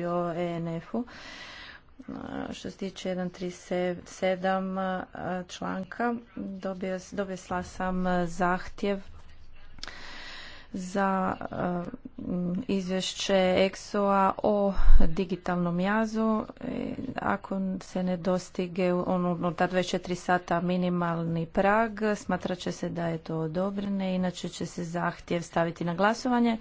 bio o e ENF-u što se tiče 137 članka dobila sam zahtjev za izvješće EXO-a o digitalnom jazu. E, ako se ne dostigne ta 24 sata minimalni prag, smatrat će se da je to odobrene, inače će se zahtjev staviti na glasovanje.